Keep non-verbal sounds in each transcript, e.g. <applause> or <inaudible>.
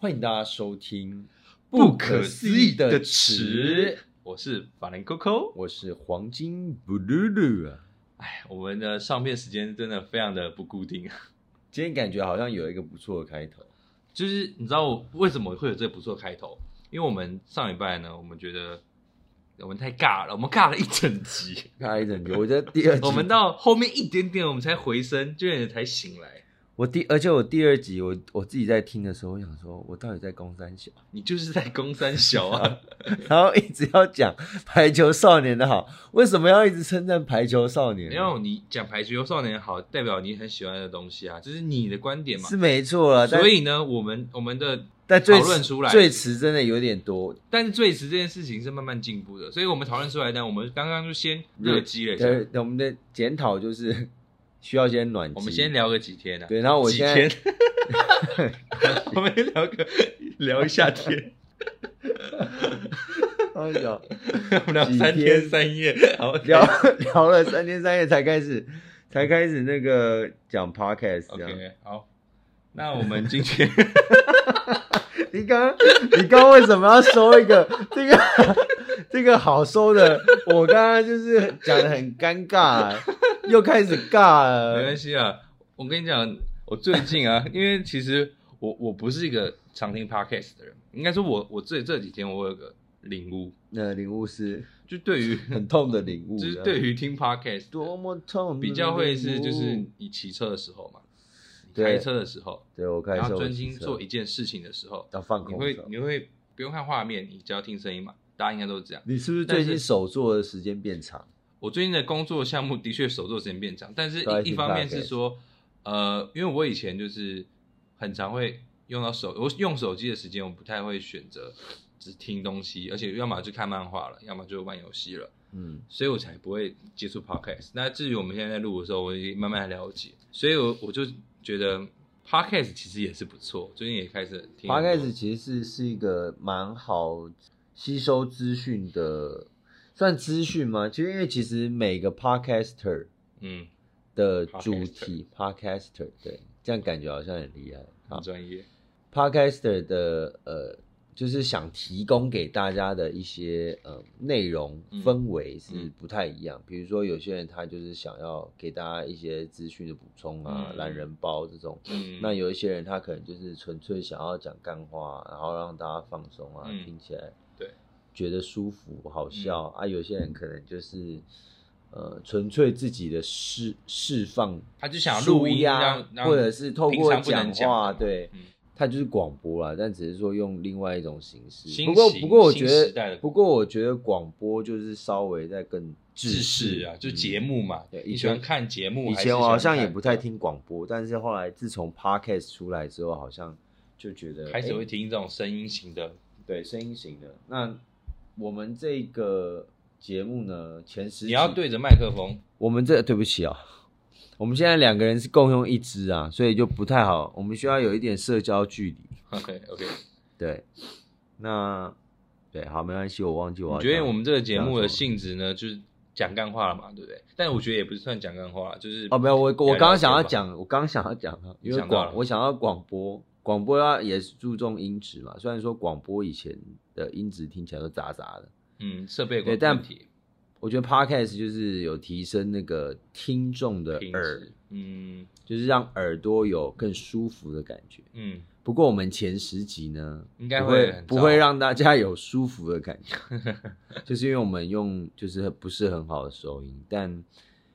歡迎大家收聽不《不可思議的詞》，我是法蘭 Coco，我是黃金 blue blue 啊！哎，我們的上片時間真的非常的不固定啊。今天感覺好像有一個不錯的開頭，就是你知道我為什麼會有這個不錯的開頭？因為我們上禮拜呢，我們覺得我們太尬了，我們尬了一整集，尬了一整集。我覺得第二集， <laughs> 我們到後面一點點，我們才回聲，就有點才醒來。我第而且我第二集我我自己在聽的時候，我想說，我到底在宮三小？你就是在宮三小啊 <laughs> 然，然後一直要講排球少年的好，為什麼要一直稱讚排球少年？因為你講排球少年好，代表你很喜歡的東西啊，就是你的觀點嘛，是沒錯啊。所以呢，我們我們的在討論出來，贅詞真的有點多，但是贅詞這件事情是慢慢進步的，所以我們討論出來呢，但我們剛剛就先熱機了一下，對，我們的檢討就是。需要一些暖氣。我們先聊個幾天呢、啊？對，然後我先， <laughs> 我們聊個聊一下天，好笑，我們聊三天三夜，好，聊聊了三天三夜才開始， <laughs> 才開始那個講 podcast，OK，、okay, 好，那我們進去 <laughs> <laughs> <laughs> 你剛剛。你剛你剛為什麼要收一個這個 <laughs> 這個好收的？我剛剛就是講得很尷尬、啊。 <laughs> 又開始尬了，沒關係啊。我跟你講，我最近啊， <laughs> 因為其實我我不是一個常聽 podcast 的人，應該說我我這這幾天我有個領悟。呃，領悟是就對於 <laughs> 很痛的領悟，就是對於聽 podcast 多麼痛，比較會是就是你騎車的時候嘛，開車的時候，對我開車，我騎車然後專心做一件事情的時候，啊、放空，你會你會不用看畫面，你只要聽聲音嘛，大家應該都是這樣。你是不是最近手做的時間變長？我最近的工作項目的確手作時間變長，但是一一方面是說，呃，因為我以前就是很常會用到手，我用手機的時間我不太會選擇只聽東西，而且要麼就看漫畫了，要麼就玩遊戲了，嗯，所以我才不會接觸 Podcast。那至於我們現在在錄的時候，我也慢慢了解，所以我我就覺得 Podcast 其實也是不錯，最近也開始聽 Podcast，其實是是一個蠻好吸收資訊的。算資訊嗎？其實因為其實每個 Podcaster，嗯，的主題 Podcaster, Podcaster，對，這樣感覺好像很厲害，好專業。Podcaster 的呃，就是想提供給大家的一些呃內容氛圍是不太一樣，嗯。比如說有些人他就是想要給大家一些資訊的補充啊，懶、嗯、人包這種。嗯、那有一些人他可能就是純粹想要講幹話，然後讓大家放鬆啊、嗯，聽起來。覺得舒服好笑、嗯、啊！有些人可能就是，呃，純粹自己的釋釋放，他就想錄音啊，或者是透過講話講，對，他、嗯、就是廣播啦，但只是說用另外一種形式。不過，不過我覺得，不過我覺得廣播就是稍微在更自視知識啊，就節目嘛。嗯、對以前，你喜歡看節目看，以前我好像也不太聽廣播，但是後來自從 podcast 出來之後，好像就覺得開始會聽這種聲音型的，欸、對，聲音型的那。我們這個節目呢，前十你要對着麥克風。我們這對不起啊，哦，我們現在兩個人是共用一支啊，所以就不太好。我們需要有一點社交距離。OK OK，對，那對，好，沒關係，我忘記我。我覺得我們這個節目的性質呢，就是講幹話了嘛，對不對？但我覺得也不是算講幹話，就是哦，沒有，我我剛剛想要講，我剛剛想要講，因為廣，我想要廣播。廣播也是注重音質嘛，雖然說廣播以前的音質聽起來都雜雜的，嗯，設備對，但我覺得 Podcast 就是有提升那個聽眾的耳，嗯，就是讓耳朵有更舒服的感覺，嗯。不過我們前十集呢，應該會不會讓大家有舒服的感覺， <laughs> 就是因為我們用就是不是很好的收音，但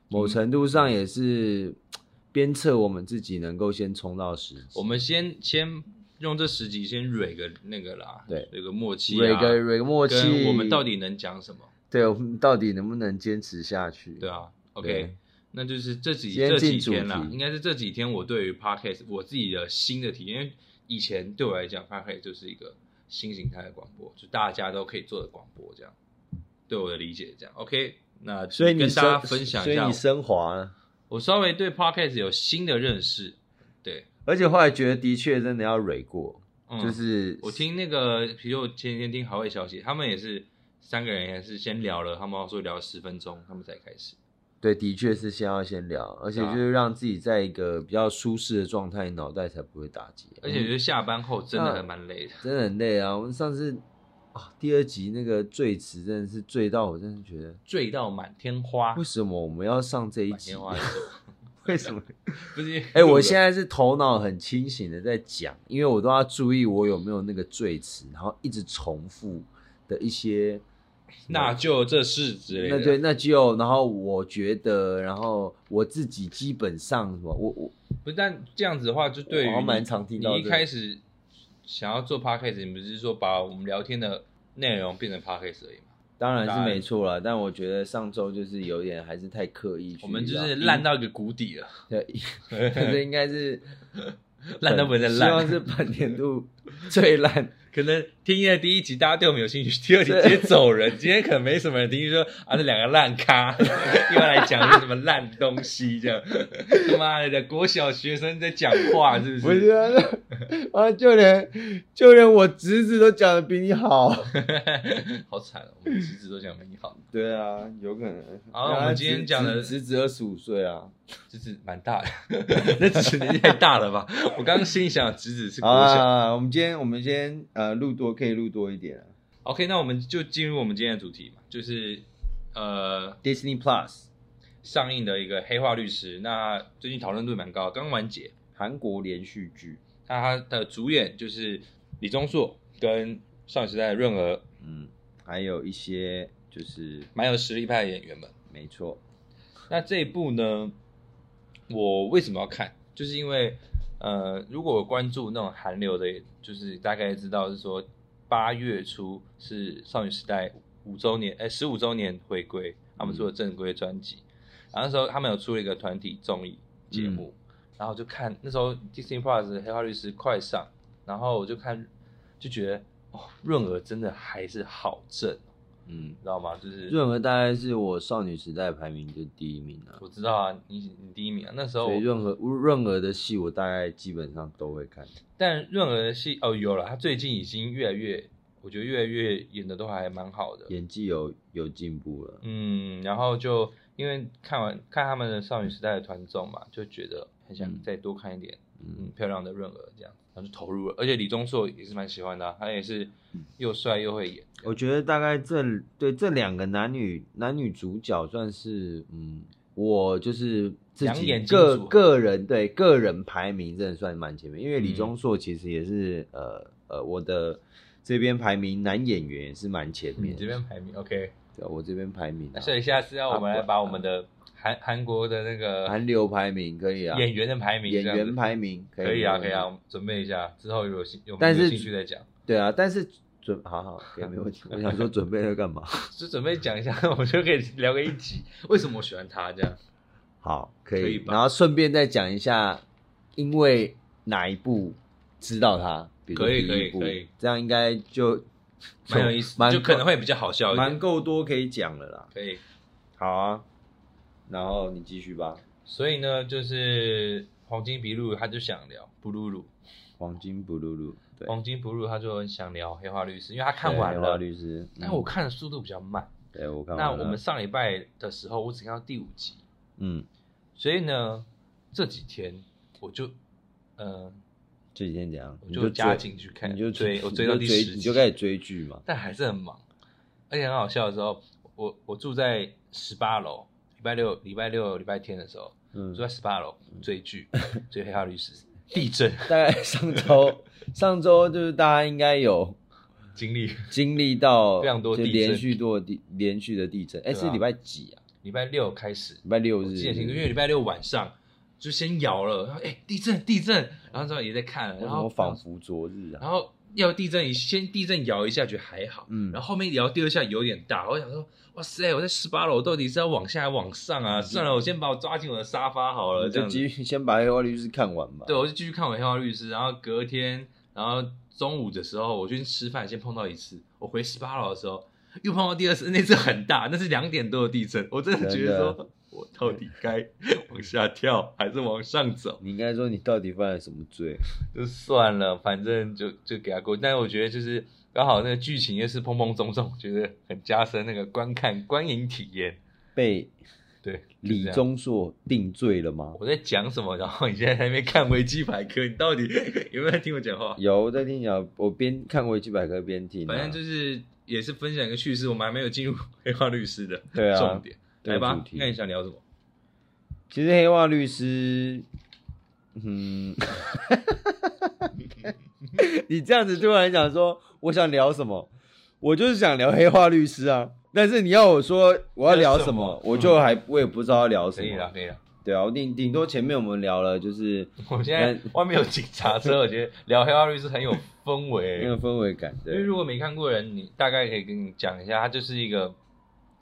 某程度上也是。嗯鞭策我們自己能夠先衝到十集，我們先先用這十集先 rig 個那個啦，對，有個默契、啊、，rig 個 rig 默契，我們到底能講什麼？對，我們到底能不能堅持下去？對啊，OK，對那就是這幾這幾天啦，應該是這幾天我對於 podcast 我自己的新的體驗，因為以前對我來講，podcast 就是一個新形態的廣播，就大家都可以做的廣播這樣，對我的理解這樣。OK，那所以你跟大家分享一下所以你升華。我稍微對 Podcast 有新的認識，對，而且後來覺得的確真的要蕊過、嗯，就是我聽那個，比如我前幾天聽好壞消息，他們也是、嗯、三個人也是先聊了，他們說聊十分鐘，他們才開始。對，的確是先要先聊，而且就是讓自己在一個比較舒適的狀態，腦袋才不會打結、嗯。而且覺得下班後真的還蠻累的，真的很累啊！我上次。啊，第二集那個贅詞真的是贅到，我真的覺得贅到滿天花。為什麼我們要上這一集？ <laughs> 為什麼不是？哎、欸，我現在是頭腦很清醒的在講，因為我都要注意我有沒有那個贅詞，然後一直重複的一些，嗯、那就這事之類的。對，那就然後我覺得，然後我自己基本上我我不但這樣子的話就對於你，你一開始。想要做 podcast，你不是說把我們聊天的內容變成 podcast 而已嗎？當然是沒錯了，但我覺得上週就是有點還是太刻意。我們就是爛到一個谷底了，對，這應該是爛到不能再爛，希望是本年度最爛。 <laughs> 可能聽音在第一集大家對我們有興趣，第二集直接走人。今天可能沒什麼人聽，就說啊，那兩個爛咖，一 <laughs> 般來講些什麼爛東西這樣？他媽的，國小學生在講話是不是？我覺得， <laughs> 啊，就連就連我侄子都講的比你好， <laughs> 好慘哦，我們侄子都講比你好。對啊，有可能。好、啊，我們今天講的侄子二十五歲啊，侄子蠻大的，那 <laughs> <laughs> 侄子年紀太大了吧？ <laughs> 我剛剛心裡想，侄子是國小。啊、uh,，我們今天，我們先。Uh, 呃、啊，錄多可以錄多一點啊。OK，那我們就進入我們今天的主題嘛，就是呃，Disney Plus 上映的一個黑化律師。那最近討論度蠻高，剛完結韓國連續劇，他的主演就是李鐘碩跟少女時代的潤娥。嗯，還有一些就是蠻有實力派演員們。沒錯，那這一部呢、嗯，我為什麼要看？就是因為。呃，如果關注那種韓流的，就是大概知道是說八月初是少女時代五週年，哎、欸，十五週年回歸，他們出了正規專輯，然後那時候他們有出了一個團體綜藝節目、嗯，然後就看那時候 Disney Plus 的黑化律師快上，然後我就看就覺得哦，潤娥真的還是好正。嗯，知道嗎？就是潤娥大概是我少女時代排名就第一名了。我知道啊，你你第一名啊，那時候，所以潤娥潤娥的戲我大概基本上都會看。但潤娥的戲哦，有了，他最近已經越來越，我覺得越來越演的都還蠻好的，演技有有進步了。嗯，然後就因為看完看他們的少女時代的團綜嘛，就覺得很想再多看一點。嗯嗯，漂亮的潤娥這樣，他就投入了。而且李鍾碩也是蠻喜歡的、啊，他也是又帥又會演。我覺得大概這對這兩個男女男女主角算是，嗯，我就是自己個個人對個人排名，真的算蠻前面。因為李鍾碩其實也是，呃、嗯、呃，我的這邊排名男演員也是蠻前面。你這邊排名 OK？對，我這邊排名。所以下次要我們來把我們的。啊韓韓國的那個韓流排名可以啊，演員的排名，演員排名可以啊，可以啊，可以啊，可以啊，準備一下，之後有興有沒有興趣再講？對啊，但是準好好可以啊，沒問題。 <laughs> 我想說準備在幹嘛？就準備講一下，我們就可以聊個一集 <laughs> 為什麼我喜歡他這樣？好，可以。可以然後順便再講一下，因為哪一部知道他？可以可以可以，這樣應該就蠻有意思，就可能會比較好笑一點，蠻夠多可以講了啦。可以，好啊。然後你繼續吧。所以呢，就是黃金比魯，他就想聊布魯魯，黃金布魯魯，對，黃金布魯，他就很想聊黑化律師，因為他看完了。黑化律師、嗯，但我看的速度比較慢。對，我看。那我們上禮拜的時候，我只看到第五集。嗯。所以呢，這幾天我就，嗯、呃，這幾天怎樣？我就加緊去看，你就追，我追到第十集，你，你就開始追劇嘛。但還是很忙，而且很好笑的時候，我我住在十八樓。禮拜六、禮拜六、禮拜天的時候，住、嗯、在十八樓追劇，追《 <laughs> 最黑化律師》，地震，大概上周， <laughs> 上周就是大家應該有經歷，經歷到非常多，就連續多地連續的地震。哎、欸，是禮拜幾啊？禮、啊、拜六開始，禮拜六日。因為禮拜六晚上就先搖了，哎、欸，地震，地震，然後之後也在看，然後仿佛昨日啊，然後。然後然後然後要地震，先地震搖一下就還好，嗯，然後後面搖第二下有點大，我想說哇塞，我在十八樓到底是要往下還往上啊，嗯？算了，我先把我抓緊我的沙發好了。就繼續先把《黑化律師》看完吧，嗯。對，我就繼續看《我黑化律師》，然後隔天，然後中午的時候我去吃飯，先碰到一次。我回十八樓的時候又碰到第二次，那次很大，那是兩點多的地震，我真的覺得說。我到底該往下跳還是往上走？ <laughs> 你應該說你到底犯了什麼罪？ <laughs> 就算了，反正就就給他過。但是我覺得就是剛好那個劇情又是砰砰鬆松，就是很加深那個觀看觀影體驗。被對李鐘奭定罪了嗎？就是、我在講什麼？然後你現在在那邊看維基百科，你到底有沒有聽我講話？有我在聽講、啊，我邊看維基百科邊聽、啊。反正就是也是分享一個趣事，我們還沒有進入黑化律師的重點。對啊來、欸、吧，看你想聊什麼。其實黑化律師，嗯， <laughs> 你這樣子突然想說，我想聊什麼，我就是想聊黑化律師啊。但是你要我說我要聊什麼，什麼我就還我也不知道要聊什麼。嗯、可以啊，對啊，頂頂多前面我們聊了，就是我們現在外面有警察車， <laughs> 我覺得聊黑化律師很有氛圍，很有氛圍感。因為如果沒看過人，你大概可以跟你講一下，他就是一個，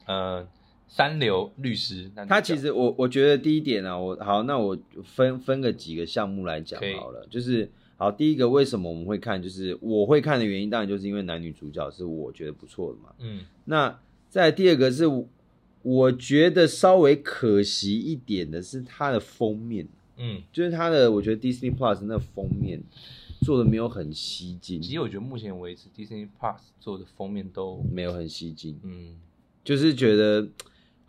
嗯、呃三流律師，嗯、他其實我我覺得第一點啊，我好，那我分分個幾個項目來講好了，okay. 就是好第一個為什麼我們會看，就是我會看的原因，當然就是因為男女主角是我覺得不錯的嘛，嗯，那再第二個是我覺得稍微可惜一點的是它的封面，嗯，就是它的我覺得 Disney Plus 那封面做的沒有很吸睛，其實我覺得目前為止 Disney Plus 做的封面都沒有很吸睛，嗯，就是覺得。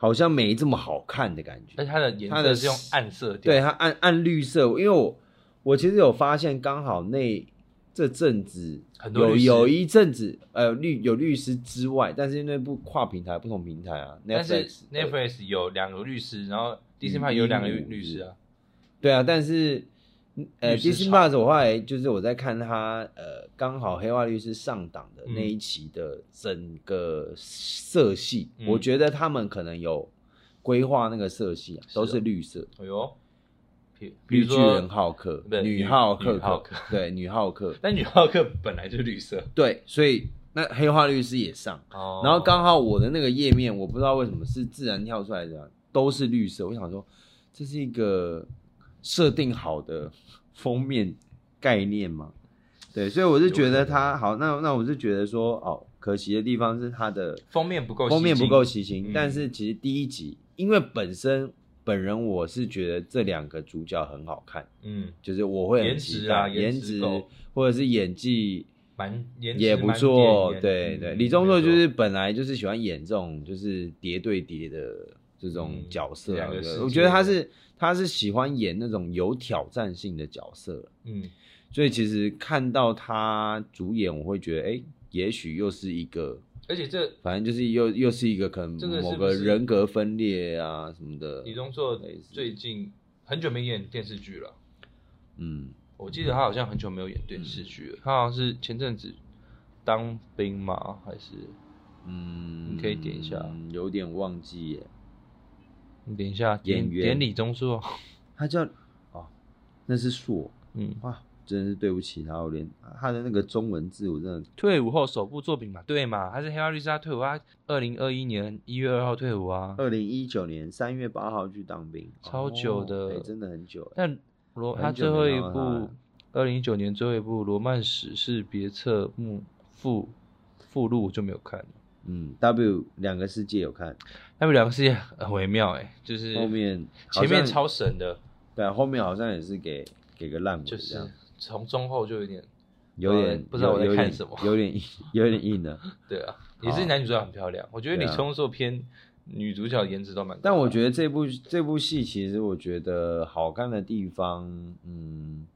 好像沒這麼好看的感覺，但是它的顏色是用暗色調，對，它暗暗綠色。因為我我其實有發現，剛好那這陣子很多有有一陣子呃律有律師之外，但是因為不跨平台，不同平台啊。那個，但是 Netflix 有兩個律師，然後 Disney Plus 有兩個律師啊、嗯嗯嗯，對啊，但是。呃 Disney Plus 我後來就是我在看他，呃，剛好黑化律師上檔的那一期的整個色系，嗯、我覺得他們可能有規劃那個色系啊，都是綠色。哎呦，綠巨人、浩克、女浩克、浩克，對，女、女浩克， <laughs> 但女浩克本來就是綠色，對，所以那黑化律師也上，哦、然後剛好我的那個頁面，我不知道為什麼是自然跳出來的，都是綠色，我想說這是一個。設定好的封面概念嘛，對，所以我是覺得他好。那那我是覺得說，哦，可惜的地方是他的封面不夠，封面不夠吸睛，嗯、但是其實第一集，因為本身本人我是覺得這兩個主角很好看，嗯，就是我會很期待顏值，啊顏值，或者是演技，蠻也不錯，對對對，嗯。李鐘奭就是本來就是喜歡演這種就是諜對諜的這種角色，那個、嗯，這個、個，我覺得他是。他是喜歡演那種有挑戰性的角色，嗯，所以其實看到他主演，我會覺得，哎，欸，也許又是一個，而且這反正就是又又是一個可能某個人格分裂啊，這個，是是什麼的。李鐘奭最近很久沒演電視劇了，嗯，我記得他好像很久沒有演電視劇了，嗯，他好像是前陣子當兵嗎？還是，嗯，你可以點一下，有點忘記耶。你等一下，演員李鐘奭哦，他叫哦，那是奭，嗯，哇，真的是對不起他，我連他的那個中文字我真的。退伍後首部作品嘛，對嘛？他是《黑化律師他退伍、啊，他二零二一年一月二號退伍啊。二零一九年三月八號去當兵，超久的，哦欸、真的很久。但羅他,他最後一部二零一九年最後一部《羅曼史》是別冊目附附錄，附路我就沒有看了。嗯，W 兩個世界有看，W 兩個世界很微妙誒、欸，就是後面前面超神的，對，後面好像也是給給個爛尾這樣，就是從中後就有點有點、嗯、不知道我在看什麼，有點有點硬的， <laughs> 對啊，也是男主角很漂亮，我覺得李鐘奭偏女主角顏值都蠻高，但我覺得這部這部戲其實我覺得好看的地方，嗯，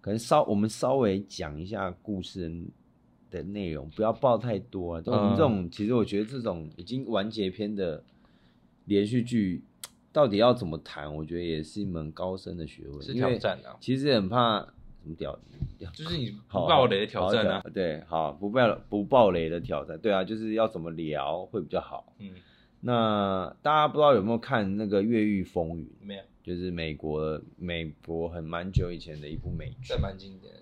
可能稍我們稍微講一下故事。的內容不要爆太多啊！我們這種、嗯、其實，我覺得這種已經完結篇的連續劇，到底要怎麼談？我覺得也是一門高深的學問，是挑戰啊！其實很怕什麼屌，屌，就是你不爆雷的挑戰啊！好好對，好，不爆不爆雷的挑戰，對啊，就是要怎麼聊會比較好。嗯，那大家不知道有沒有看那個《越獄風雲》？沒有，就是美國美國很蠻久以前的一部美劇，蠻經典。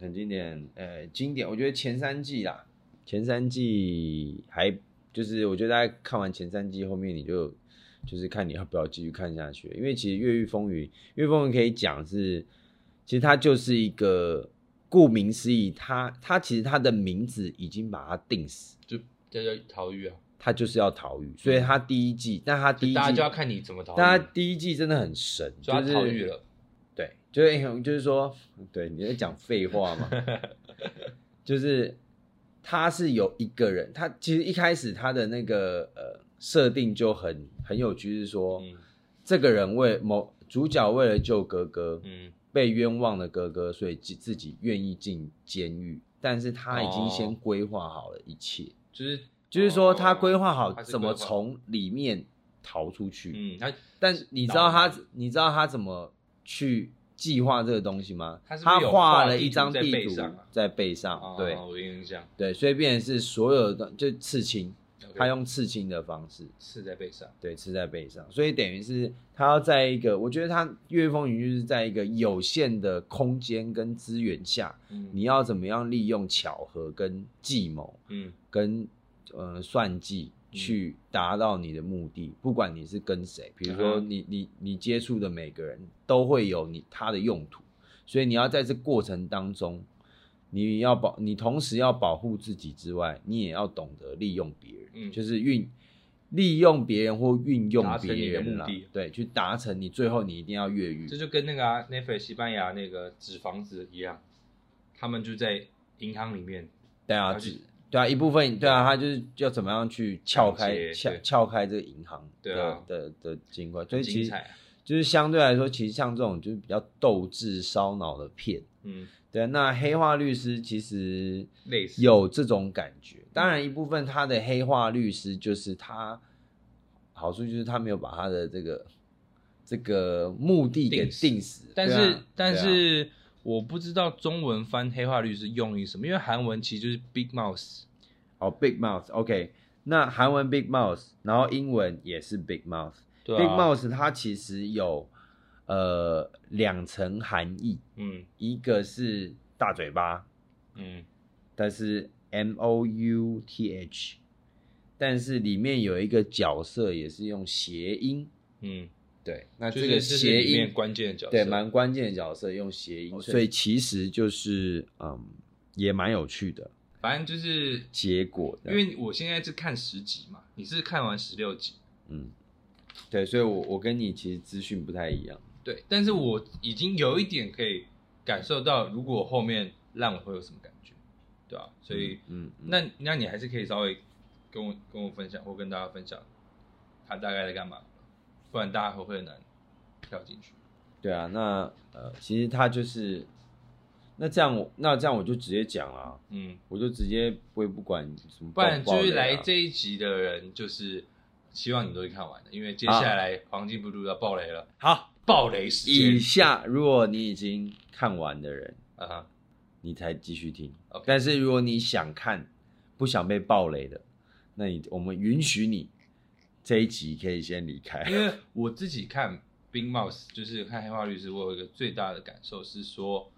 很經典，呃，經典，我覺得前三季啦，前三季還就是，我覺得大家看完前三季後面，你就就是看你要不要繼續看下去，因為其實風雨，《越獄風雲》，《越獄風雲》可以講是，其實它就是一個顧名思義，它它其實它的名字已經把它定死，就叫做逃獄啊，它就是要逃獄，所以它第一季，但它第一季大家就要看你怎麼逃，但它第一季真的很神，抓逃獄了。就是就是就是說，對，你在講廢話嘛？ <laughs> 就是他是有一個人，他其實一開始他的那個呃設定就很很有趣，就是說、嗯，這個人為某主角為了救哥哥，嗯，被冤枉的哥哥，所以自己願意進監獄，但是他已經先規劃好了一切，就是就是說他規劃好怎麼從裡面逃出去，嗯，他但你知道他，他，你知道他怎麼去？計劃這個東西嗎？他畫了一張地圖在背上，背上啊背上哦，對，哦，我印象，對，所以變成是所有的就刺青，他、okay. 用刺青的方式刺在背上，對，刺在背上，嗯，所以等於是他要在一個，我覺得他越獄風雲就是在一個有限的空間跟資源下，嗯，你要怎麼樣利用巧合跟計謀，嗯，跟、呃、算計。去達到你的目的，嗯、不管你是跟誰，比如說你你你接觸的每個人都會有你他的用途，所以你要在這過程當中，你要保你同時要保護自己之外，你也要懂得利用別人、嗯，就是運利用別人或運用別人的目的，對，去達成你最後你一定要越獄。這就跟那個那、啊、部西班牙那個紙房子一樣，他們就在銀行裡面帶疊紙。對啊，一部分對啊，他就是要怎麼樣去撬開撬撬開這個銀行的對的對的金塊，所以、就是、其實、啊、就是相對來說，其實像這種就是比較鬥智燒腦的片，嗯，對、啊。那黑化律師其實有這種感覺，當然一部分他的黑化律師就是他好處就是他沒有把他的這個這個目的給定死，但是但是。我不知道中文翻黑化律師是用於什麼，因為韓文其實就是 big, mouse、oh, big mouth，哦 big mouth，OK，、okay. 那韓文 big mouth，然後英文也是 big mouth，big、啊、mouth 它其實有呃兩層含義，嗯，一個是大嘴巴，嗯，但是 M O U T H，但是裡面有一個角色也是用諧音，嗯。對，那是這個是諧音關鍵角色，對，蠻關鍵的角色用諧音，okay. 所以其實就是嗯，也蠻有趣的。反正就是結果，因為我現在是看十集嘛，你是看完十六集，嗯，對，所以我，我我跟你其實資訊不太一樣，對，但是我已經有一點可以感受到，如果後面爛尾會有什麼感覺，對啊，所以，嗯，嗯嗯那那你還是可以稍微跟我跟我分享，或跟大家分享，他大概在幹嘛？不然大家會不會很難跳進去。對啊，那呃，其實他就是，那這樣我，那這樣我就直接講了、啊。嗯，我就直接我也不管怎麼辦。不然，就是來這一集的人、啊嗯，就是希望你都會看完的，因為接下來黃金不錄要爆雷了。好、啊，爆雷時間。以下，如果你已經看完的人，啊哈，你才繼續聽。Okay. 但是如果你想看，不想被爆雷的，那你我們允許你這一集可以先離開，因為我自己看 Big Mouse，就是看黑化律師，我有一個最大的感受是說，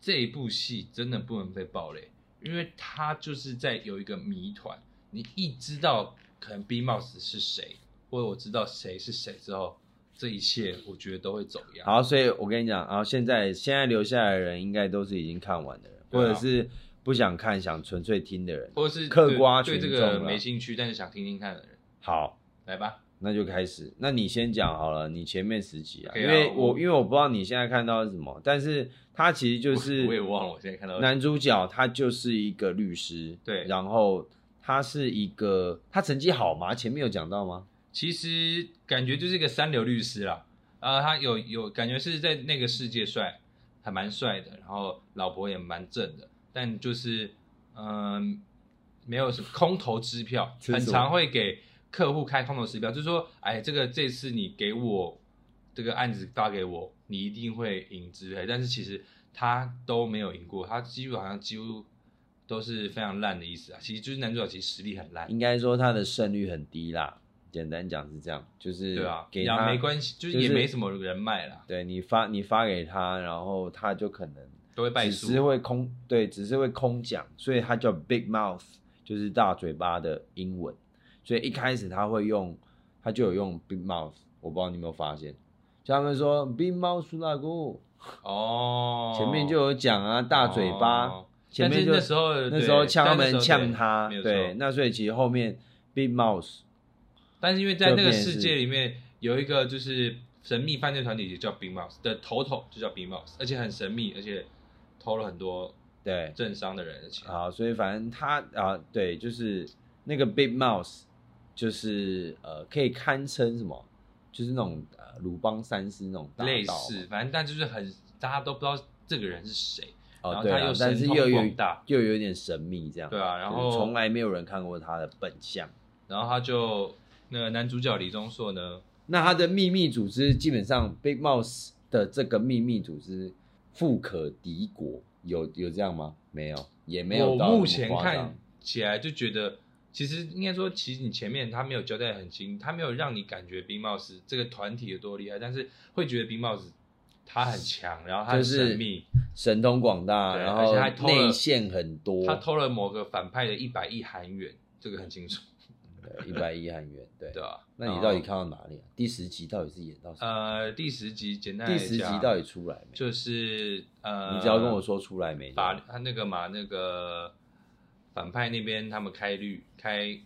這一部戲真的不能被暴雷，因為它就是在有一個謎團，你一知道可能 Big Mouse 是誰，或者我知道誰是誰之後，這一切我覺得都會走樣。好，所以我跟你講，然、啊、後現在現在留下來的人應該都是已經看完的人，啊、或者是不想看想純粹聽的人，或者是嗑瓜群眾對這個沒興趣但是想聽聽看的人。好。來吧，那就開始。那你先講好了，你前面十集啊，okay, 因為我，我因為我不知道你現在看到是什麼，但是他其實就是我，我也忘了我現在看到什麼男主角，他就是一個律師，對，然後他是一個他成績好嗎？前面有講到嗎？其實感覺就是一個三流律師啦，呃，他有有感覺是在那個世界帥，還蠻帥的，然後老婆也蠻正的，但就是嗯，沒有什麼空頭支票，很常會給。客戶開空頭支票，就是說，哎，這個這次你給我這個案子發給我，你一定會贏之類的，但是其實他都沒有贏過，他幾乎好像幾乎都是非常爛的意思啊。其實就是男主角其實實力很爛，應該說他的勝率很低啦。簡單講是這樣，就是給他對啊，講沒關係，就是，就是也沒什麼人脈啦。對你發你發給他，然後他就可能都會敗訴，只是會空會、啊、對，只是會空講，所以他叫 Big Mouth，就是大嘴巴的英文。所以一開始他會用，他就有用 Big Mouse，我不知道你有沒有發現，他們說 Big Mouse 那個哦，oh. 前面就有講啊，大嘴巴，oh. 前面就那時候那時候嗆他們嗆他，對，對，對沒有錯，那所以其實後面 Big Mouse，但是因為在那個世界裡面有一個就是神秘犯罪團體也叫 Big Mouse 的頭頭就叫 Big Mouse，而且很神秘，而且偷了很多對政商的人的錢，好，所以反正他啊對，就是那個 Big Mouse。就是呃，可以堪稱什麼？就是那種呃，魯邦三世那種大道類似，反正但就是很大家都不知道這個人是誰，哦，然後他又神通廣大又，又有點神秘這樣。對啊，然後從來沒有人看過他的本相。然後他就那個男主角李鐘碩呢？那他的秘密組織基本上 Big Mouse 的這個秘密組織，富可敵國，有有這樣嗎？沒有，也沒有到目前看起來就覺得。其實應該說，其實你前面他沒有交代很清，他沒有讓你感覺 Big Mouse 這個團體有多厲害，但是會覺得 Big Mouse 他很強，然後他神秘、就是、神通廣大，然後內線很多。他偷了某個反派的一百億韓元，這個很清楚。對，一百億韓元。對。對啊，那你到底看到哪裡、啊哦？第十集到底是演到什麼？呃，第十集簡單來講。第十集到底出來沒？就是呃，你只要跟我說出來沒？把他那個嘛，那個。反派那邊他們，開律開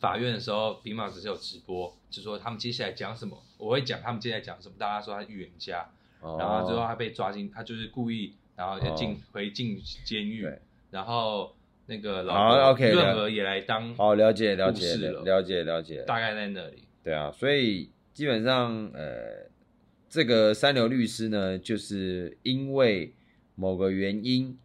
法院的時候，平毛只是有直播，就說他們接下來講什麼，我會講他們接下來講什麼。大家說他預言家、哦，然後之後他被抓進，他就是故意，然後進、哦、回進監獄對。然後那個老潤娥也來當，好 okay, 了解，好，了解、了解、了解，了解，大概在那裡。對啊，所以基本上呃，這個三流律師呢，就是因為某個原因。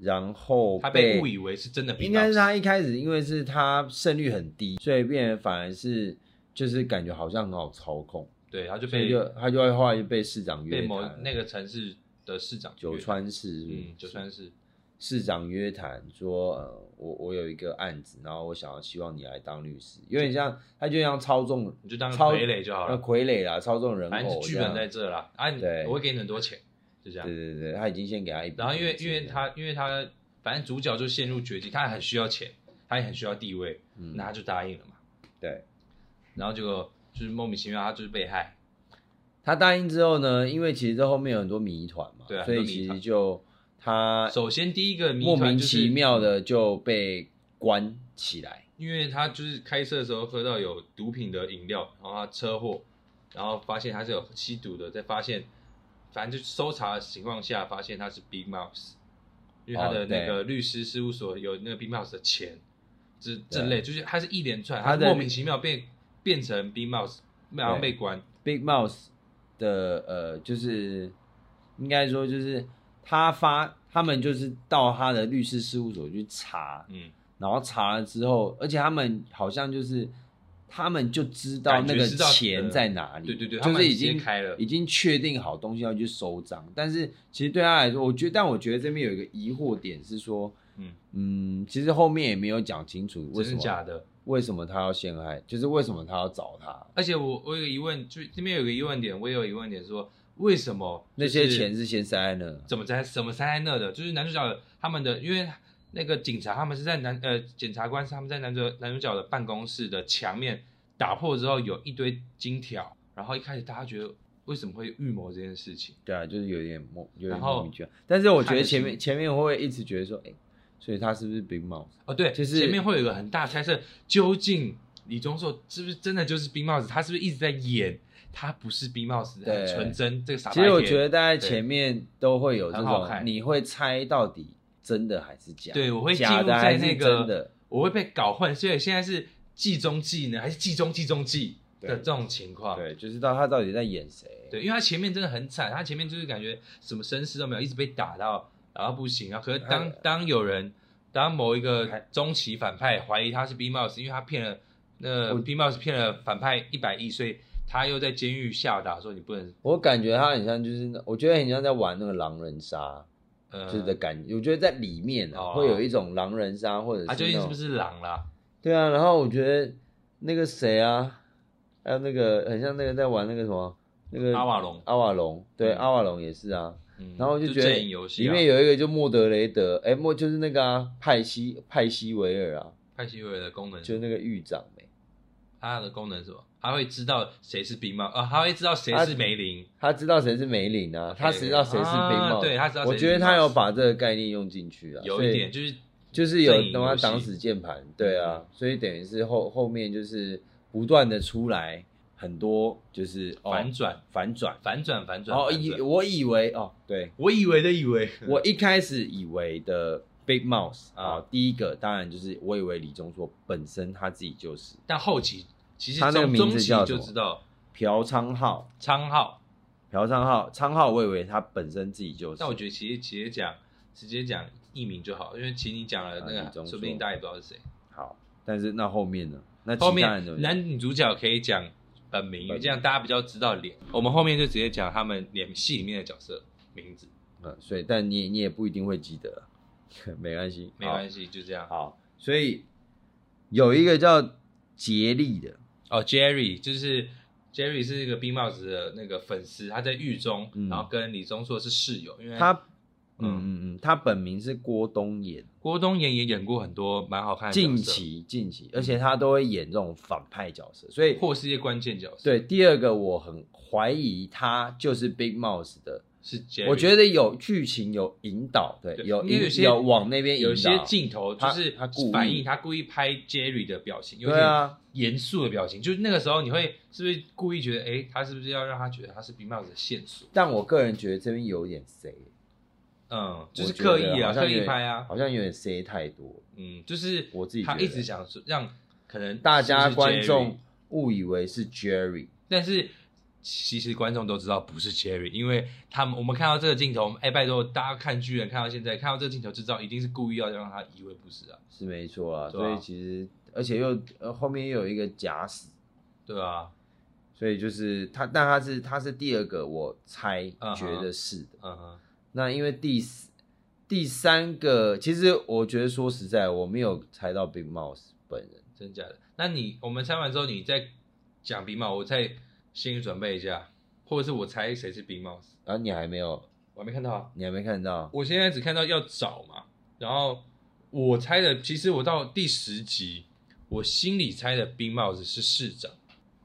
然後被他被誤以為是真的，應該是他一開始，因為是他勝率很低，所以變，反而是就是感覺好像很好操控。對，他就被就他就後來就被市長約談，被某那個城市的市長約談。九川市，九川市市長約談說，呃、我我有一個案子，然後我想要希望你來當律師，有點像他就像操縱，你就當傀儡就好了，傀、嗯、儡啦，操縱人後。案子，劇本在這啦，這啊你對，我會給你很多錢。就這樣，對對對，他已經先給他一筆，然後因為因為他因為他反正主角就陷入絕境，他很需要錢，他也很需要地位，那他就答應了嘛，對、嗯，然後結果就是莫名其妙他就是被害，他答應之後呢，因為其實這後面有很多謎團嘛對、啊，所以其實就他首先第一個謎團、就是、莫名其妙的就被關起來，因為他就是開車的時候喝到有毒品的飲料，然後他車禍，然後發現他是有吸毒的，再發現。反正就搜查的情況下，發現他是 Big Mouse，因為他的那個律師事務所有那個 Big Mouse 的錢，這這類就是他是一連串，他莫名其妙變變成 Big Mouse，然後被關。Big Mouse 的呃，就是應該說就是他發，他們就是到他的律師事務所去查，嗯，然後查了之後，而且他們好像就是。他們就知道那個錢在哪裡，對對對，就是已經開了已經確定好東西要去收賬，但是其實對他來說，我覺得，但我覺得這邊有一個疑惑點是說，嗯嗯，其實後面也沒有講清楚為什麼，真的假的？為什麼他要陷害？就是為什麼他要找他？而且我我有一個疑問，就這邊有個疑問點，我也有疑問點說，為什麼、就是、那些錢是先塞在那呢？怎麼塞？怎麼塞在那的？就是男主角他們的因為。那個警察他們是在男呃，檢察官他們在男主男主角的辦公室的牆面打破之後，有一堆金條。然後一開始大家覺得為什麼會預謀這件事情？對啊，就是有點模，有點模，但是我覺得前面、就是、前面會，不會一直覺得說，哎、欸，所以他是不是 Big Mouse？哦，對，其、就、實、是、前面會有一個很大的猜測，究竟李鐘奭是不是真的就是 Big Mouse？他是不是一直在演？他不是 Big Mouse，很純真，這個傻白甜。其實我覺得大家前面都會有這種很好看，你會猜到底。真的還是假？對，我會記入在那個，我會被搞混，所以現在是計中計呢，還是計中計中計的這種情況？對，就是到他到底在演誰？對，因為他前面真的很慘，他前面就是感覺什麼聲勢都沒有，一直被打到，然、啊、後不行啊。可是當當有人，當某一個中期反派懷疑他是 Big Mouse 因為他騙了那 Big Mouse 騙了反派一百億，所以他又在監獄下達說你不能。我感覺他很像就是，我覺得很像在玩那個狼人殺。呃、就是的感覺。我覺得在裡面、啊、會有一種狼人殺，或者是究竟、啊、是不是狼啦？對啊，然後我覺得那個誰啊，還、啊、有那個很像那個在玩那個什麼那個阿瓦隆，阿瓦隆對，阿瓦隆、嗯、也是啊，嗯、然後就覺得裡面有一個就莫德雷德，哎莫、啊欸、就是那個啊派西派西維爾啊，派西維爾的功能就那個獄長沒、欸。它的功能是什麼？它會知道誰是 Big Mouse 啊？他會知道誰是梅林？他知道誰是梅林啊？他、okay, 誰知道誰是 Big Mouse、啊？對他知道。我覺得他有把這個概念用進去啊，有一點就是就是有幫他擋死鍵盤，對啊，所以等於是後後面就是不斷的出來很多就是、嗯哦、反轉反轉、反轉、反轉、反轉。哦，以我以為哦，對，我以為的以為， <laughs> 我一開始以為的。Big Mouth 啊、嗯，第一個當然就是我以為李鍾碩本身他自己就是，但後期其實他那個名字就知道朴昌浩、昌浩、朴昌浩、昌浩，昌浩我以為他本身自己就是。但我覺得其實，其實直接講直接講藝名就好，因為其實你講了那個，啊、李鐘碩說不定大家也不知道是誰。好，但是那後面呢？那後面男女主角可以講本名，本因為這樣大家比較知道臉。我們後面就直接講他們演戲裡面的角色名字。嗯，所以但你你也不一定會記得。沒關係，沒關係、哦，就這樣。好，所以有一個叫杰利的、嗯、哦，Jerry，就是 Jerry 是一個 Big 帽子的那個粉絲，他在獄中、嗯，然後跟李宗碩是室友，因為他，嗯嗯嗯，他本名是郭東延，郭東延也演過很多蠻好看，的角色，近期近期，而且他都會演這種反派角色，所以或是一些關鍵角色。對，第二個我很懷疑他就是 Big Mouse 的。是、Jerry，我覺得有劇情有引導，對，對有因為有，些有往那邊有些鏡頭就是他，他，故他故意，他故意拍 Jerry 的表情，有點嚴肅的表情。啊、就是那個時候，你會是不是故意覺得，誒、嗯欸，他是不是要讓他覺得他是 Big Mouth 的線索？但我個人覺得這邊有點 C，嗯，就是刻意啊，刻意拍啊，好像有點 C 太多。嗯，就是我自己，他一直想讓、嗯、可能是是大家觀眾誤以為是 Jerry，但是。其實觀眾都知道不是 Jerry，因為他們我們看到這個鏡頭我們，哎，拜託大家看劇看到現在看到這個鏡頭，就知道一定是故意要讓他以為不是啊，是沒錯啊、啊。所以其實而且又呃後面又有一個假死，對啊，所以就是他，但他是他是第二個我猜覺得是的，uh -huh, uh -huh 那因為第第三個其實我覺得說實在我沒有猜到 Big Mouse 本人，真假的。那你我們猜完之後，你再講 Big Mouse，我再。心裡準備一下，或者是我猜誰是 Big Mouse？啊，你還沒有？我還沒看到啊。你還沒看到？我現在只看到要找嘛。然後我猜的，其實我到第十集，我心裡猜的 Big Mouse 是市長。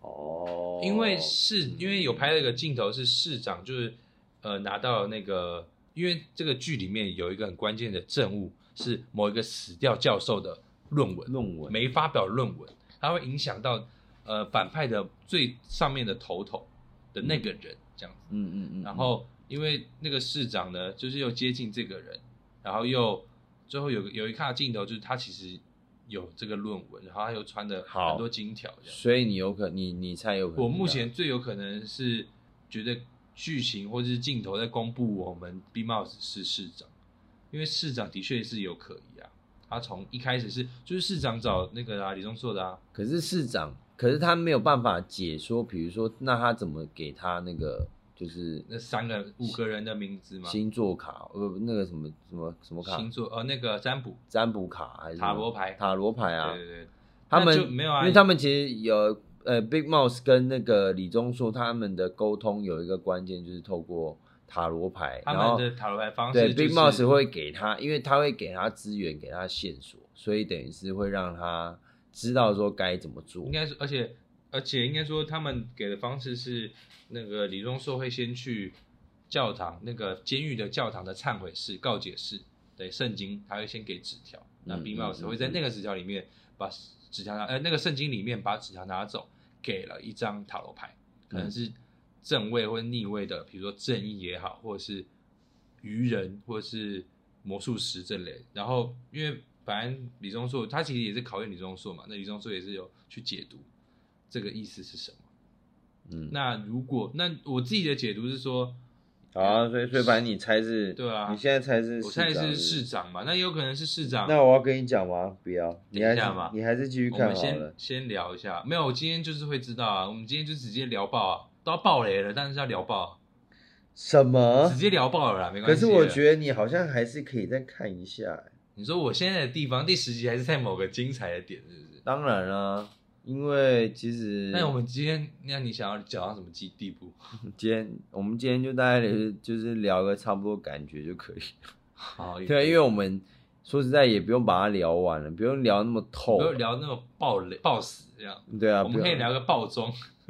哦。因為是，因為有拍那個鏡頭是市長，就是呃拿到那個，因為這個劇裡面有一個很關鍵的證物，是某一個死掉教授的論文，論文沒發表論文，它會影響到。呃，反派的最上面的頭頭的那個人，嗯、這樣子。嗯嗯嗯。然後，因為那個市長呢，就是又接近這個人，然後又、嗯、最後有有一看鏡頭，就是他其實有這個論文，然後他又穿的很多金條這樣。所以你有可你你才有可能。我目前最有可能是覺得劇情或者是鏡頭在公布我們 Big Mouse 是市長，因為市長的確是有可疑啊。他從一開始是就是市長找那個啊、嗯、李鍾碩的啊，可是市長。可是他沒有辦法解說，比如說，那他怎麼給他那個就是那三個五個人的名字嗎？星座卡，呃，那個什麼什麼什麼卡？星座，呃，那個占卜占卜卡還是塔羅牌？塔羅牌啊，對對對，他們就沒有啊，因為他們其實有呃，Big Mouse 跟那個李鐘碩他們的溝通有一個關鍵就是透過塔羅牌，他們的塔羅牌，塔羅牌方式，就是，對，Big Mouse 會給他，因為他會給他資源，給他線索，所以等於是會讓他。嗯知道說該怎麼做，應該是，而且而且應該說他們給的方式是，那個李鍾碩會先去教堂，那個監獄的教堂的懺悔室告解室，對聖經，他會先給紙條，那 Big Mouse 會在那個紙條裡面把紙條拿、嗯嗯呃，那個聖經裡面把紙條拿走，給了一張塔羅牌，可能是正位或逆位的，比如說正義也好，嗯、或者是愚人或者是魔術師這類，然後因為。反正李鐘奭，他其實也是考驗李鐘奭嘛。那李鐘奭也是有去解讀這個意思是什麼。嗯，那如果那我自己的解讀是說，啊，所以所以反正你猜是，對啊，你現在猜是，是，是，我猜是市長嘛，那也有可能是市長。那我要跟你講嗎？不要，你還，你還是繼續看好了。我們先先聊一下，沒有，我今天就是會知道啊。我們今天就直接聊爆啊，都要爆雷了，但是要聊爆什麼？直接聊爆了啦，沒關係。可是我覺得你好像還是可以再看一下欸。你說我現在的地方第十集還是在某個精彩的點，是不是？當然啦、啊，因為其實。那我們今天，那你想要講到什麼地地步？今天我們今天就大概就是聊個差不多感覺就可以。好。 <laughs> 對，因為我們說實在也不用把它聊完了，不用聊那麼透，不用聊那麼暴雷，暴死這樣。對啊。我們可以聊個暴中， <laughs>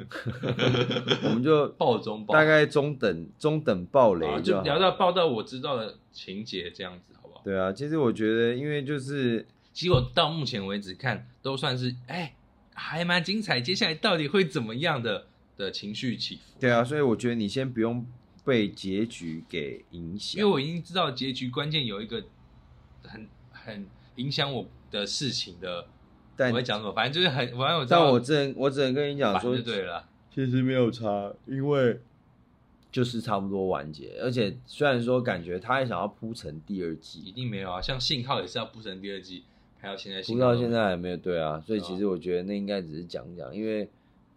我們就暴中，大概中等中等暴雷就、啊，就聊到暴到我知道的情節這樣子。對啊，其實我覺得，因為就是，其實我到目前為止看都算是，哎、欸，還蠻精彩。接下來到底會怎麼樣的的情緒起伏？對啊，所以我覺得你先不用被結局給影響，因為我已經知道結局關鍵有一個很很影響我的事情的。但我會講什麼？反正就是很，我知道。但我只能我只能跟你講說，就對了，其實沒有差，因為。就是差不多完結，而且雖然說感覺他也想要鋪成第二季，一定沒有啊！像信號也是要鋪成第二季，還有現在信，鋪到現在還沒有，對啊。所以其實我覺得那應該只是講講，oh. 因為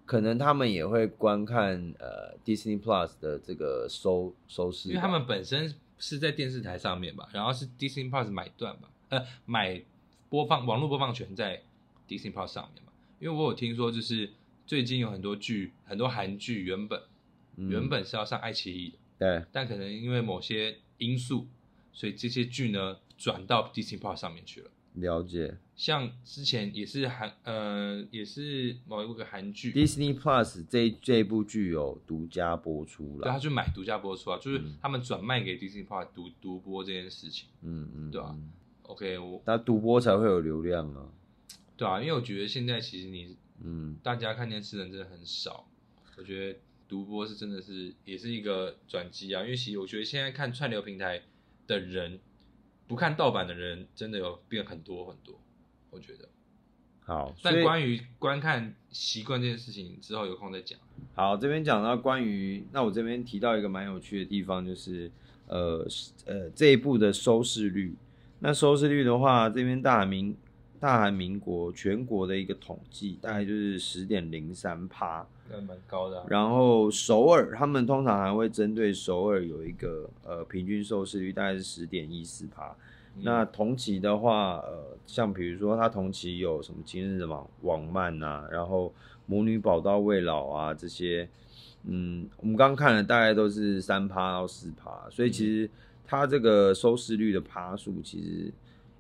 可能他們也會觀看呃 Disney Plus 的這個收收視，因為他們本身是在電視台上面吧，然後是 Disney Plus 買斷吧，呃，買播放網絡播放權在 Disney Plus 上面嘛。因為我有聽說，就是最近有很多劇，很多韓劇原本。原本是要上愛奇藝的，嗯，對，但可能因為某些因素，所以這些劇呢轉到 Disney Plus 上面去了。了解，像之前也是韓，呃，也是某一個韓劇 Disney Plus 這這部劇有獨家播出了，對，他就買獨家播出啊，嗯，就是他們轉賣給 Disney Plus 獨獨播這件事情。嗯嗯，對啊，OK，那獨播才會有流量啊，對啊，因為我覺得現在其實你，嗯，大家看電視的人真的很少，我覺得。獨播是真的是也是一個轉機啊，因為其實我覺得現在看串流平台的人，不看盜版的人真的有變很多很多，我覺得。好，所以但關於觀看習慣這件事情之後有空再講。好，這邊講到關於那我這邊提到一個蠻有趣的地方，就是呃呃這一部的收視率，那收視率的話，這邊大韓、大韓民國全國的一個統計大概就是十點零三趴。蠻高的，啊。然後首爾他們通常還會針對首爾有一個呃平均收視率，大概是十點一四趴。那同期的話，呃，像比如說他同期有什麼今日的網網漫啊，然後魔女寶刀未老啊這些，嗯，我們剛看了大概都是三趴到四趴。所以其實它這個收視率的趴數，其實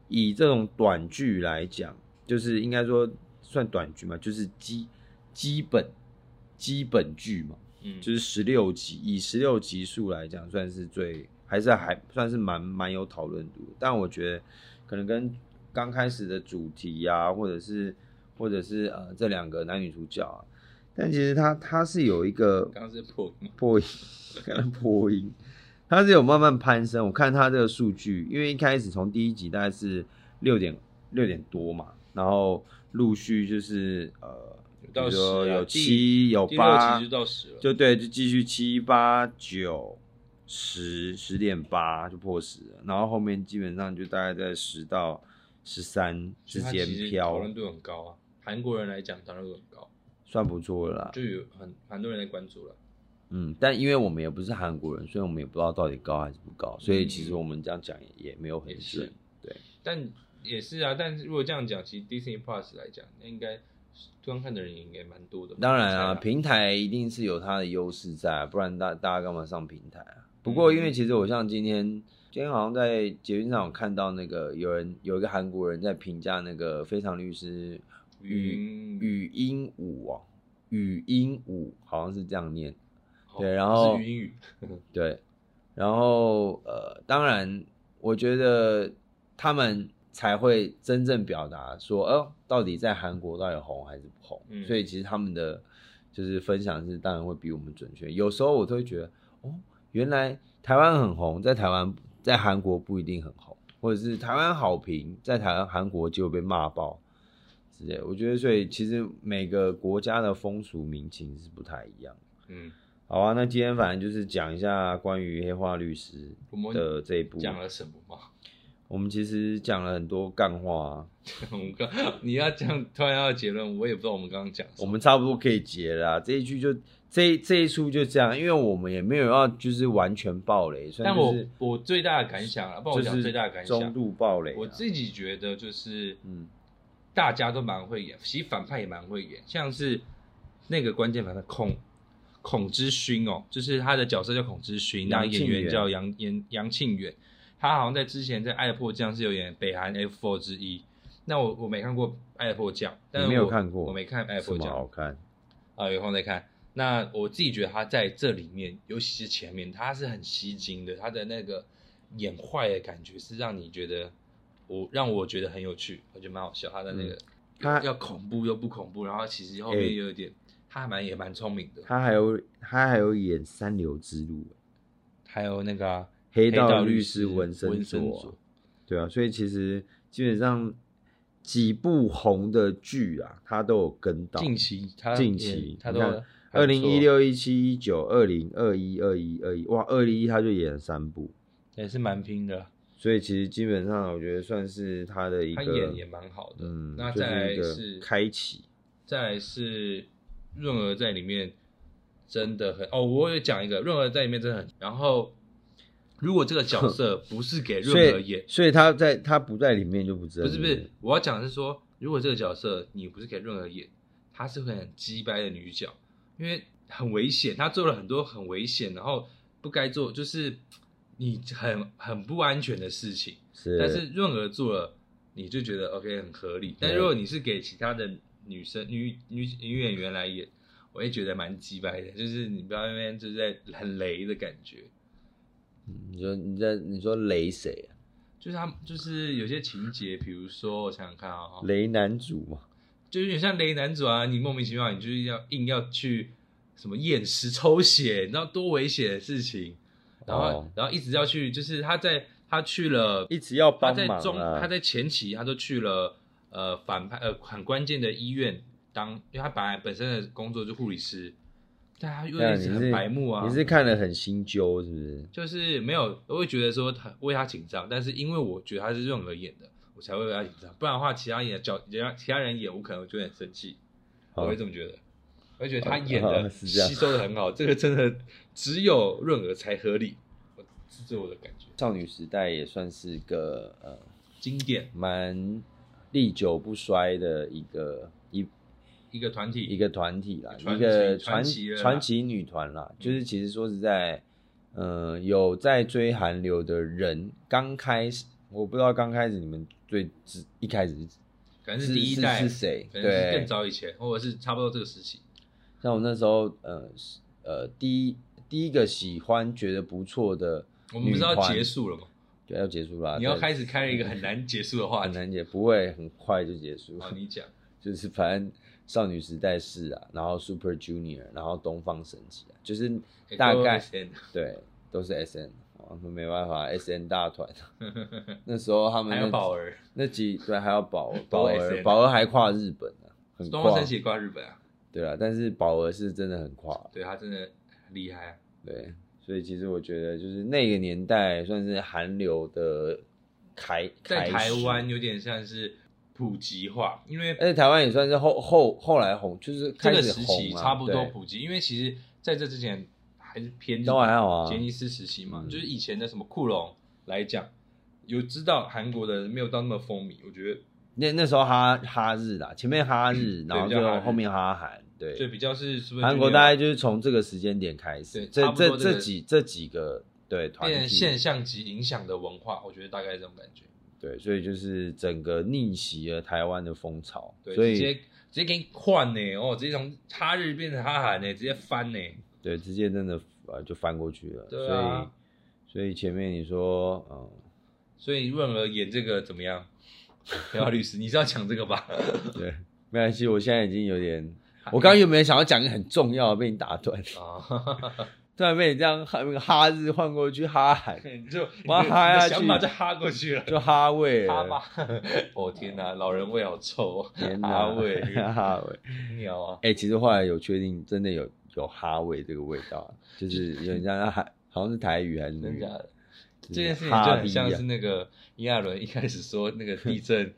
以這種短劇來講，就是應該說算短劇嘛，就是基基本。基本劇嘛、就是，嗯，就是十六集，以十六集數來講，算是最，還是還算是蠻蠻有討論度。但我覺得可能跟剛開始的主題啊，或者是或者是呃這兩個男女主角啊，但其實它它是有一個，剛剛是破破音，剛 <laughs> 破音，它是有慢慢攀升。我看它這個數據，因為一開始從第一集大概是六點六點多嘛，然後陸續就是呃。你、啊、有七有八就到十了，就對，就繼續七八九十十點八就破十，然後後面基本上就大概在十到十三之間飄。討論度很高啊，韓國人來講當然很高，算不錯了啦。就有很很多人在關注了。嗯，但因為我們也不是韓國人，所以我們也不知道到底高還是不高，所以其實我們這樣講也，、嗯、也沒有很準。對，但也是啊，但是如果這樣講，其實 Disney Plus 來講，那應該。觀看的人應該蠻多的。當然啊，啊，平台一定是有它的優勢在、啊、不然大家大家幹嘛上平台啊？不過因為其實我像今天，嗯、今天好像在捷運上看到那個有人有一個韓國人在評價那個《非常律師》語，語音語，語音五啊，語音五好像是這樣念，對，然後語音五，對，然後，語語 <laughs> 然後呃，當然我覺得他們。才會真正表達說，哦，到底在韓國到底紅還是不紅，嗯？所以其實他們的就是分享是當然會比我們準確。有時候我都會覺得，哦，原來台灣很紅，在台灣在韓國不一定很紅，或者是台灣好評，在台灣韓國就會被罵爆之類。我覺得，所以其實每個國家的風俗民情是不太一樣。嗯，好啊，那今天反正就是講一下關於《黑化律師》的這一部講、嗯、了什麼嗎？我們其實講了很多乾話、啊，我 <laughs> 們你要這樣突然要結論，我也不知道我們剛剛講。我們差不多可以結了，這一句就這這一齣就這樣，因為我們也沒有要就是完全暴雷，就是。但我我最大的感想啊，是幫我講最大的感想，就是，中度暴雷。我自己覺得就是嗯，大家都蠻會演，嗯，其實反派也蠻會演，像是那個關鍵反派孔孔之勳哦、喔，就是他的角色叫孔之勳，那演、個、員叫楊楊楊慶元。楊他好像在之前在《愛的迫降》是有演北韓 F4 之一，那我我沒看過《愛的迫降》，但是我沒有看過，我沒看《愛的迫降》好看。啊，有空再看。那我自己覺得他在這裡面，尤其是前面，他是很吸睛的，他的那個演壞的感覺是讓你覺得我讓我覺得很有趣，我覺得蠻好笑。他的那個、嗯、他要恐怖又不恐怖，然後其實後面有一點，欸、他還蠻也蠻聰明的。他還有他還有演《三流之路》欸，還有那個、啊。黑道律師文森佐，對啊，所以其實基本上幾部紅的劇啊，他都有跟到。近期近期他都二零一六一七一九二零二一二一二一哇，二零一他就演了三部，也、欸、是蠻拼的。所以其實基本上我覺得算是他的一個他演也蠻好的、嗯，那再來是、就是、一個開啟，再來是潤娥在裡面真的很哦，我也講一個潤娥在裡面真的很，然後。如果這個角色不是給潤娥演，所以她在她不在裡面就不知道。不是不是，我要講是說，如果這個角色你不是給潤娥演，她是會很雞掰的女角，因為很危險，她做了很多很危險，然後不該做，就是你很很不安全的事情。是，但是潤娥做了，你就覺得 OK 很合理。但如果你是給其他的女生、女女女演員來演，我也覺得蠻雞掰的，就是你不要那邊就是在很雷的感覺。你說你在你說雷誰啊？就是他，就是有些情節，比如說，我想想看啊、哦，雷男主嘛，就是有點像雷男主啊，你莫名其妙，你就是要硬要去什麼驗屍抽血，你知道多危險的事情，然後、哦、然後一直要去，就是他在他去了，一直要幫忙、啊、他在中，他在前期，他都去了呃反派呃很關鍵的醫院當，因為他本來本身的工作就護理師。大家又一直很白目啊，你是，你是看了很心揪是不是？就是沒有，我會覺得說他為他緊張，但是因為我覺得他是潤娥演的，我才會為他緊張。不然的話，其的，其他演角，其他其他人演，我可能我有點生氣、哦，我會這麼覺得。而、哦、且他演的、哦、吸收的很好，這個真的只有潤娥才合理，這是我的感覺。少女時代也算是個呃經典，蠻歷久不衰的一個一。一個團體，一個團體啦，一個傳奇傳奇女團啦，就是其實說實在，嗯、呃，有在追韓流的人，剛開始我不知道剛開始你們最只一開始是，可能是第一代，是誰？可能是更早以前，或者是差不多這個時期。像我那時候，呃呃，第一第一個喜歡覺得不錯的，我們不是要結束了嗎？對，要結束啦。你要開始開一個很難結束的話，很難解，不會很快就結束。 <laughs> 你講，就是反正。少女時代是啊，然後 Super Junior，然後東方神起、啊，就是大概、欸、對，都是 S N，、哦、沒辦法 <laughs> ，S N 大團，那時候他們還有寶兒，那幾對還有寶寶兒， <laughs> 寶兒，寶兒還跨日本呢、啊，東方神起跨日本啊，對啊，但是寶兒是真的很跨、啊，對他真的厲害對，所以其實我覺得就是那個年代算是韓流的台、嗯，在台灣有點像是。普及化，因為而且台灣也算是後後後來紅，就是開始這個時期差不多普及。因為其實在這之前還是偏都還好啊。傑尼斯時期嘛、嗯，就是以前的什麼庫隆來講，有知道韓國的沒有到那麼風靡。我覺得那那時候哈哈日啦，前面哈日、嗯，然後後面哈嗯，然後就後面哈韓，對，就比較是，是，不是韓國大概就是從這個時間點開始。這這個、這幾這幾個對團變現象級影響的文化，我覺得大概是這種感覺。對，所以就是整個逆襲了台灣的風潮。對，所以直接直接給你換呢、欸，哦，直接從哈日變成哈韓呢、欸，直接翻呢、欸。對，直接真的啊、呃，就翻過去了。對、啊、所以所以前面你說，嗯，所以潤娥演這個怎麼樣？不要 <laughs> 律師，你是要講這個吧？對，沒關係，我現在已經有點， <laughs> 我剛剛有沒有想要講一個很重要的被你打斷啊？ <laughs> 在外面這樣哈哈日換過去哈韓，嗯，就哇哈呀想去，小馬就哈過去了，就哈味。哈吧，我天哪，老人味好臭啊！哈味，哈味，嗯，你啊。哎，欸，其實後來有確定，真的有有哈味這個味道，就是有人家他好像是台語還是，那個？真，嗯，的，就是啊。這件事情就很像是那個伊亞倫一開始說那個地震，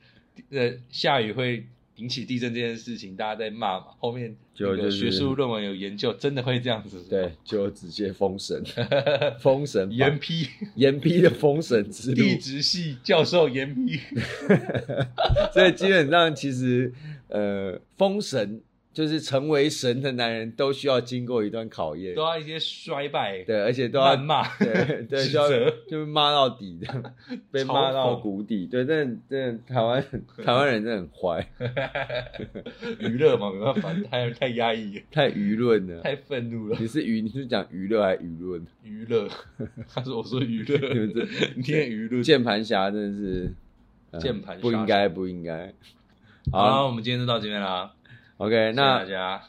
呃， <laughs> 下雨會。引起地震這件事情，大家在罵嘛。後面有學術論文有研究就、就是，真的會這樣子？對，就直接封神， <laughs> 封神，嚴 <laughs> 炎批，嚴 <laughs> 批的封神之路。地質系教授嚴批， <laughs> <laughs> 所以基本上其實呃，封神。就是成為神的男人，都需要經過一段考驗，都要一些衰敗，對，而且都要罵，對，對，就是 <laughs> 罵到底的，被罵到谷底，對，但但台灣 <laughs> 台灣人真的很壞，娛 <laughs> 樂樂嘛，沒辦法，太太壓抑，太輿論了，太憤怒了。你是娛你是講娛樂還是輿論？娛樂，他說我說娛樂， <laughs> 你們是這天天輿論，鍵盤俠真的是，鍵、呃、盤俠不應該不應該。好了、嗯，我們今天就到這邊啦。OK，那謝謝大家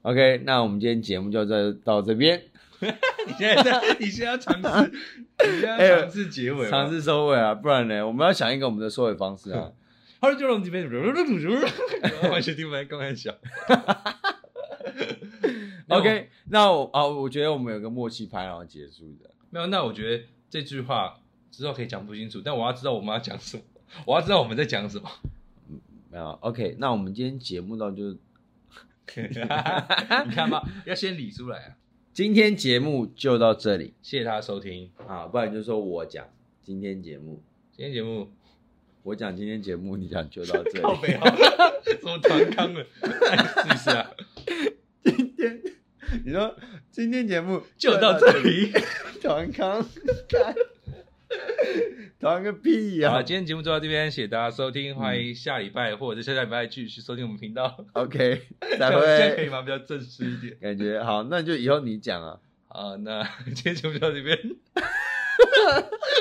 ，OK，那我們今天節目就到這邊。 <laughs> 你現在,在，你現在嘗試， <laughs> 你現在嘗試結尾，嘗、欸、嘗試收尾啊，不然呢，我們要想一個我們的收尾方式啊。他說就讓這邊，完全聽剛開始 OK，那啊、哦，我覺得我們有個默契拍然後結束的。 <laughs> 沒有，那我覺得這句話之後可以講不清楚，但我要知道我們要講什麼，我要知道我們在講什麼。 <laughs> 沒有 o、okay, k，那我們今天節目到就， <laughs> 你看吧嗎， <laughs> 要先理出來啊。今天節目就到這裡，謝謝大家收聽啊。不然就說我講今天節目，今天節目我講今天節目，你講就到這裡。好 <laughs> 美北好， <laughs> 說團康了，是不是啊？今天你說今天節目就到，就到這裡，團 <laughs> 康。談個屁呀、啊！好、啊，今天節目就到這邊、啊，謝謝大家收聽，歡迎下禮拜或者下下禮拜繼續收聽我們頻道。OK，這樣可以嗎？比較正式一點，感覺好。那就以後你講啊。好，那今天節目就到這邊。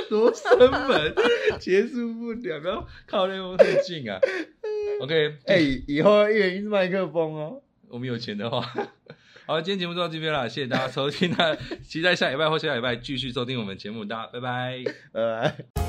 多生門，結束不了，不 <laughs> 要靠那麼近啊。 <laughs> OK，哎、欸，以後一人一支麥克風哦。我們有錢的話。 <laughs> 好，今天節目就到這邊了，謝謝大家收聽，那 <laughs> 期待下禮拜或下禮拜繼續收聽我們節目的，大家拜拜，拜拜 <laughs> <laughs>